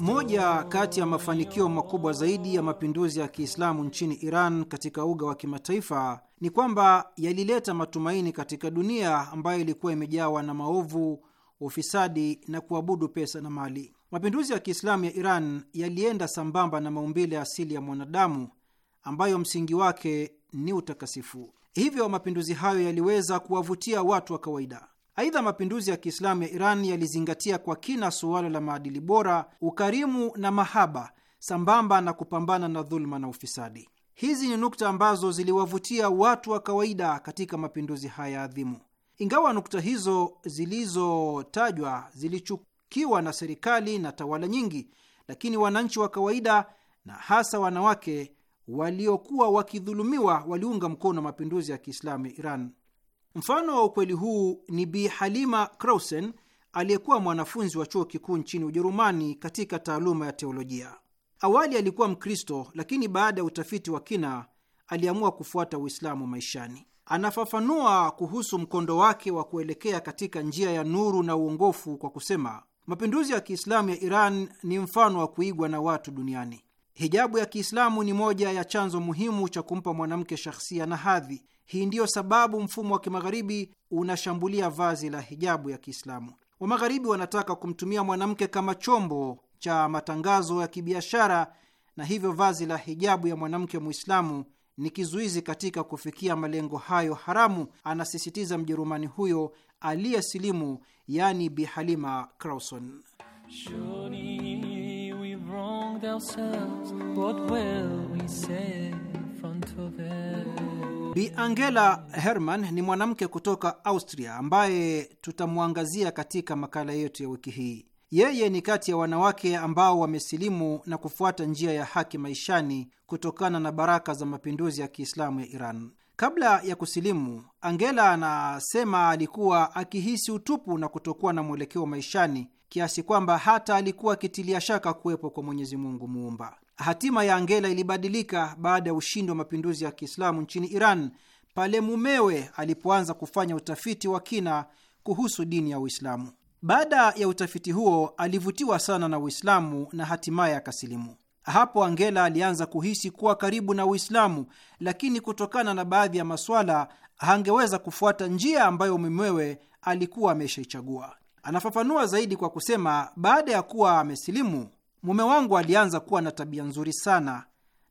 Speaker 1: Moja kati ya mafanikio makubwa zaidi ya mapinduzi ya Kiislamu nchini Iran katika uga wa kimataifa ni kwamba yalileta matumaini katika dunia ambayo ilikuwa imejawa na maovu, ufisadi na kuabudu pesa na mali. Mapinduzi ya Kiislamu ya Iran yalienda sambamba na maumbile asili ya mwanadamu ambayo msingi wake ni utakasifu. Hivyo mapinduzi hayo yaliweza kuwavutia watu wa kawaida Aidha, mapinduzi ya Kiislamu ya Iran yalizingatia kwa kina suala la maadili bora, ukarimu na mahaba, sambamba na kupambana na dhuluma na ufisadi. Hizi ni nukta ambazo ziliwavutia watu wa kawaida katika mapinduzi haya adhimu. Ingawa nukta hizo zilizotajwa zilichukiwa na serikali na tawala nyingi, lakini wananchi wa kawaida na hasa wanawake waliokuwa wakidhulumiwa waliunga mkono mapinduzi ya Kiislamu ya Iran. Mfano wa ukweli huu ni Bi Halima Krausen aliyekuwa mwanafunzi wa chuo kikuu nchini Ujerumani katika taaluma ya teolojia. Awali alikuwa Mkristo, lakini baada ya utafiti wa kina aliamua kufuata Uislamu maishani. Anafafanua kuhusu mkondo wake wa kuelekea katika njia ya nuru na uongofu kwa kusema, mapinduzi ya Kiislamu ya Iran ni mfano wa kuigwa na watu duniani. Hijabu ya Kiislamu ni moja ya chanzo muhimu cha kumpa mwanamke shahsia na hadhi hii ndiyo sababu mfumo wa kimagharibi unashambulia vazi la hijabu ya Kiislamu. Wamagharibi wanataka kumtumia mwanamke kama chombo cha matangazo ya kibiashara, na hivyo vazi la hijabu ya mwanamke Muislamu ni kizuizi katika kufikia malengo hayo haramu, anasisitiza Mjerumani huyo aliyesilimu, yani Bi Halima Crauson. Bi Angela Herman ni mwanamke kutoka Austria ambaye tutamwangazia katika makala yetu ya wiki hii. Yeye ni kati ya wanawake ambao wamesilimu na kufuata njia ya haki maishani kutokana na baraka za mapinduzi ya Kiislamu ya Iran. Kabla ya kusilimu, Angela anasema alikuwa akihisi utupu na kutokuwa na mwelekeo maishani kiasi kwamba hata alikuwa akitilia shaka kuwepo kwa Mwenyezi Mungu Muumba. Hatima ya Angela ilibadilika baada ya ushindi wa mapinduzi ya Kiislamu nchini Iran pale mumewe alipoanza kufanya utafiti wa kina kuhusu dini ya Uislamu. Baada ya utafiti huo, alivutiwa sana na Uislamu na hatimaye akasilimu. Hapo Angela alianza kuhisi kuwa karibu na Uislamu, lakini kutokana na baadhi ya maswala hangeweza kufuata njia ambayo mumewe alikuwa ameshaichagua. Anafafanua zaidi kwa kusema, baada ya kuwa amesilimu Mume wangu alianza kuwa na tabia nzuri sana,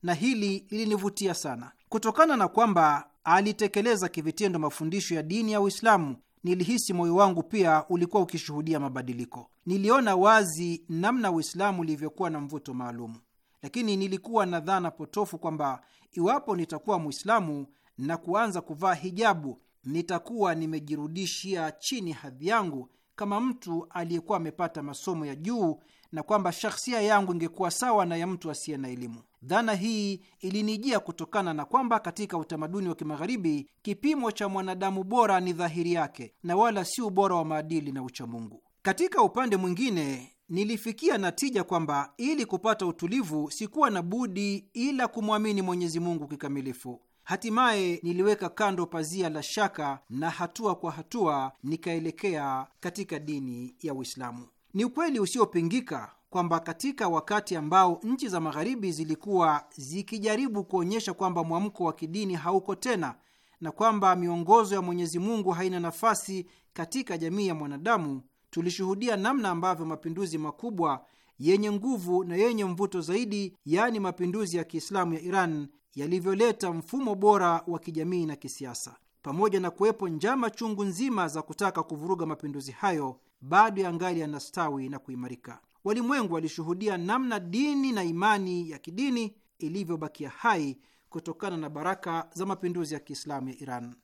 Speaker 1: na hili lilinivutia sana. Kutokana na kwamba alitekeleza kivitendo mafundisho ya dini ya Uislamu, nilihisi moyo wangu pia ulikuwa ukishuhudia mabadiliko. Niliona wazi namna Uislamu ulivyokuwa na mvuto maalumu, lakini nilikuwa na dhana potofu kwamba iwapo nitakuwa Mwislamu na kuanza kuvaa hijabu nitakuwa nimejirudishia chini hadhi yangu kama mtu aliyekuwa amepata masomo ya juu na kwamba shakhsia yangu ingekuwa sawa na ya mtu asiye na elimu. Dhana hii ilinijia kutokana na kwamba katika utamaduni wa kimagharibi kipimo cha mwanadamu bora ni dhahiri yake na wala si ubora wa maadili na uchamungu. Katika upande mwingine, nilifikia natija kwamba ili kupata utulivu sikuwa na budi ila kumwamini Mwenyezi Mungu kikamilifu Hatimaye niliweka kando pazia la shaka na hatua kwa hatua nikaelekea katika dini ya Uislamu. Ni ukweli usiopingika kwamba katika wakati ambao nchi za Magharibi zilikuwa zikijaribu kuonyesha kwamba mwamko wa kidini hauko tena na kwamba miongozo ya Mwenyezi Mungu haina nafasi katika jamii ya mwanadamu, tulishuhudia namna ambavyo mapinduzi makubwa yenye nguvu na yenye mvuto zaidi, yaani mapinduzi ya Kiislamu ya Iran yalivyoleta mfumo bora wa kijamii na kisiasa. Pamoja na kuwepo njama chungu nzima za kutaka kuvuruga mapinduzi hayo, bado yangali yanastawi na kuimarika. Walimwengu walishuhudia namna dini na imani ya kidini ilivyobakia hai kutokana na baraka za mapinduzi ya Kiislamu ya Iran.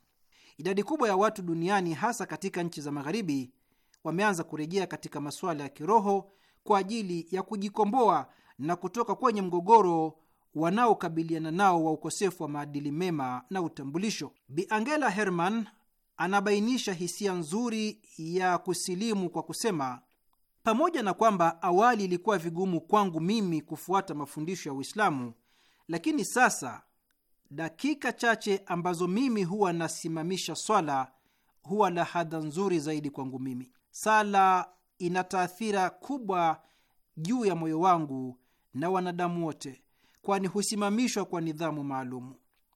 Speaker 1: Idadi kubwa ya watu duniani, hasa katika nchi za Magharibi, wameanza kurejea katika masuala ya kiroho kwa ajili ya kujikomboa na kutoka kwenye mgogoro wanaokabiliana nao wa ukosefu wa maadili mema na utambulisho. Bi Angela Herman anabainisha hisia nzuri ya kusilimu kwa kusema, pamoja na kwamba awali ilikuwa vigumu kwangu mimi kufuata mafundisho ya Uislamu, lakini sasa dakika chache ambazo mimi huwa nasimamisha swala huwa la hadha nzuri zaidi kwangu mimi. Sala ina taathira kubwa juu ya moyo wangu na wanadamu wote kwani husimamishwa kwa nidhamu maalumu.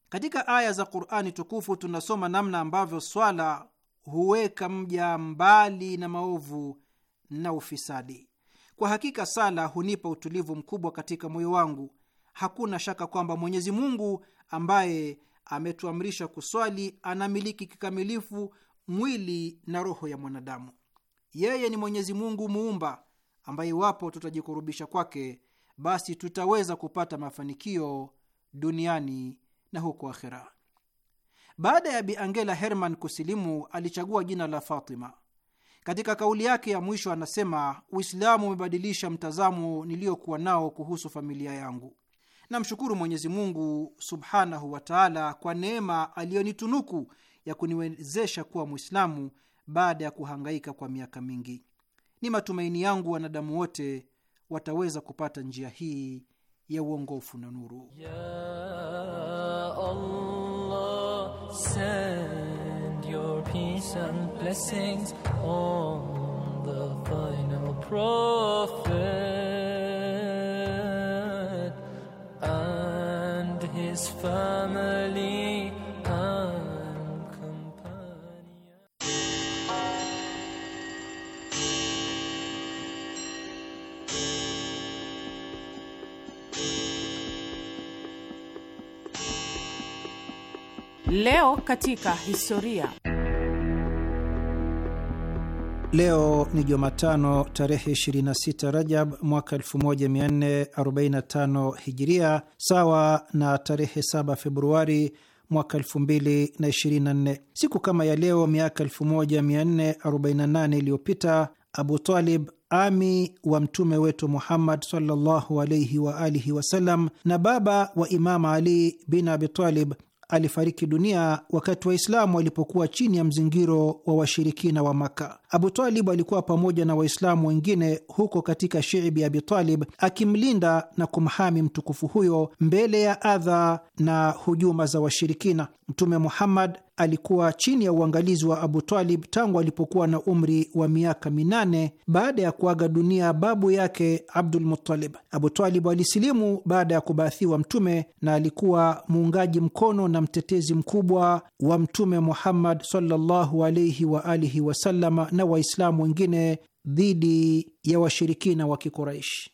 Speaker 1: Katika aya za Qurani tukufu tunasoma namna ambavyo swala huweka mja mbali na maovu na ufisadi. Kwa hakika sala hunipa utulivu mkubwa katika moyo wangu. Hakuna shaka kwamba Mwenyezi Mungu ambaye ametuamrisha kuswali anamiliki kikamilifu mwili na roho ya mwanadamu. Yeye ni Mwenyezi Mungu muumba ambaye iwapo tutajikurubisha kwake basi tutaweza kupata mafanikio duniani na huko akhera. Baada ya Bi Angela Herman kusilimu, alichagua jina la Fatima. Katika kauli yake ya mwisho anasema, Uislamu umebadilisha mtazamo niliyokuwa nao kuhusu familia yangu. Namshukuru Mwenyezi Mungu subhanahu wa taala kwa neema aliyonitunuku ya kuniwezesha kuwa Mwislamu baada ya kuhangaika kwa miaka mingi. Ni matumaini yangu wanadamu wote wataweza kupata njia hii ya uongofu na nuru ya Allah, send
Speaker 5: your peace and blessings on the final prophet
Speaker 4: and his family
Speaker 2: Leo katika historia.
Speaker 1: Leo ni Jumatano tarehe 26 Rajab mwaka 1445 Hijiria, sawa na tarehe 7 Februari mwaka 2024. Siku kama ya leo miaka 1448 iliyopita Abu Talib ami wa mtume wetu Muhammad sallallahu alaihi wa alihi wasallam na baba wa imamu Ali bin Abi Talib alifariki dunia wakati Waislamu walipokuwa chini ya mzingiro wa washirikina wa Maka. Abu Talib alikuwa pamoja na Waislamu wengine huko katika Shiibi Abitalib akimlinda na kumhami mtukufu huyo mbele ya adha na hujuma za washirikina. Mtume Muhammad alikuwa chini ya uangalizi wa Abu Talib tangu alipokuwa na umri wa miaka minane baada ya kuaga dunia babu yake Abdul Muttalib. Abu Talib alisilimu baada ya kubaathiwa Mtume na alikuwa muungaji mkono na mtetezi mkubwa wa Mtume Muhammad sallallahu alaihi wasallam na Waislamu wengine dhidi ya washirikina wa Kikuraishi.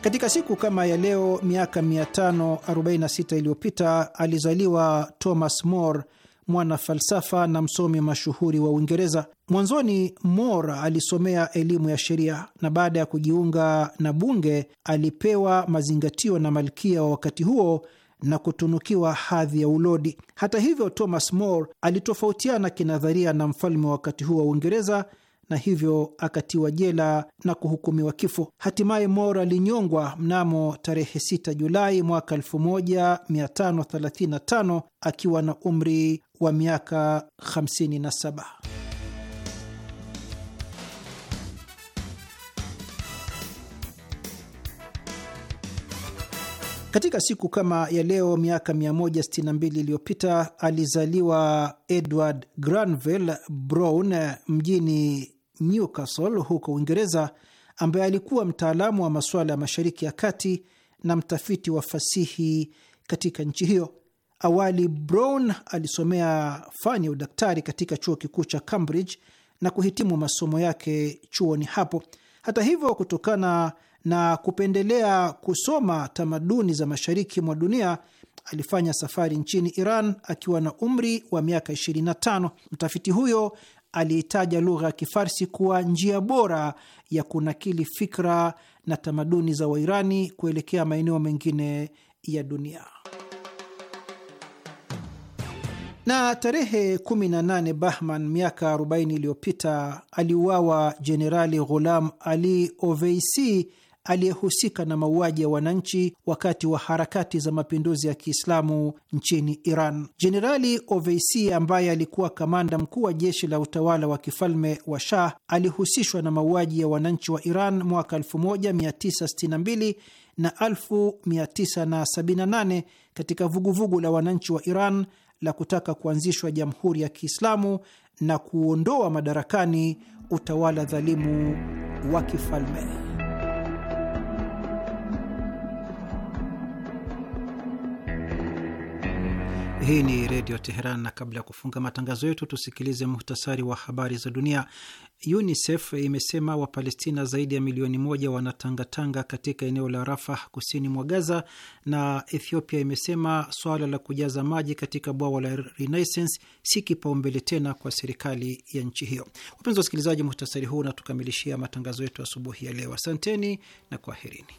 Speaker 1: Katika siku kama ya leo miaka 546 iliyopita alizaliwa Thomas More mwanafalsafa na msomi mashuhuri wa Uingereza. Mwanzoni mor alisomea elimu ya sheria na baada ya kujiunga na bunge alipewa mazingatio na malkia wa wakati huo na kutunukiwa hadhi ya ulodi. Hata hivyo, Thomas More alitofautiana kinadharia na mfalme wa wakati huo wa Uingereza na hivyo akatiwa jela na kuhukumiwa kifo. Hatimaye More alinyongwa mnamo tarehe 6 Julai mwaka 1535 akiwa na umri wa miaka 57. Katika siku kama ya leo miaka 162 iliyopita alizaliwa Edward Granville Brown mjini Newcastle huko Uingereza, ambaye alikuwa mtaalamu wa masuala ya Mashariki ya Kati na mtafiti wa fasihi katika nchi hiyo. Awali Brown alisomea fani ya udaktari katika chuo kikuu cha Cambridge na kuhitimu masomo yake chuoni hapo. Hata hivyo, kutokana na kupendelea kusoma tamaduni za mashariki mwa dunia alifanya safari nchini Iran akiwa na umri wa miaka 25. Mtafiti huyo aliitaja lugha ya Kifarsi kuwa njia bora ya kunakili fikra na tamaduni za Wairani kuelekea maeneo mengine ya dunia. Na tarehe 18 Bahman miaka 40 iliyopita aliuawa Jenerali Ghulam Ali Oveisi aliyehusika na mauaji ya wananchi wakati wa harakati za mapinduzi ya Kiislamu nchini Iran. Jenerali Oveisi ambaye alikuwa kamanda mkuu wa jeshi la utawala wa kifalme wa Shah alihusishwa na mauaji ya wananchi wa Iran mwaka 1962 na 1978 katika vuguvugu la wananchi wa Iran la kutaka kuanzishwa jamhuri ya Kiislamu na kuondoa madarakani utawala dhalimu wa kifalme. Hii ni Redio Teheran, na kabla ya kufunga matangazo yetu tusikilize muhtasari wa habari za dunia. UNICEF imesema Wapalestina zaidi ya milioni moja wanatangatanga katika eneo la Rafah kusini mwa Gaza, na Ethiopia imesema swala la kujaza maji katika bwawa la Renaissance si kipaumbele tena kwa serikali ya nchi hiyo. Wapenzi wasikilizaji, muhtasari huu unatukamilishia matangazo yetu asubuhi ya leo. Asanteni na kwaherini.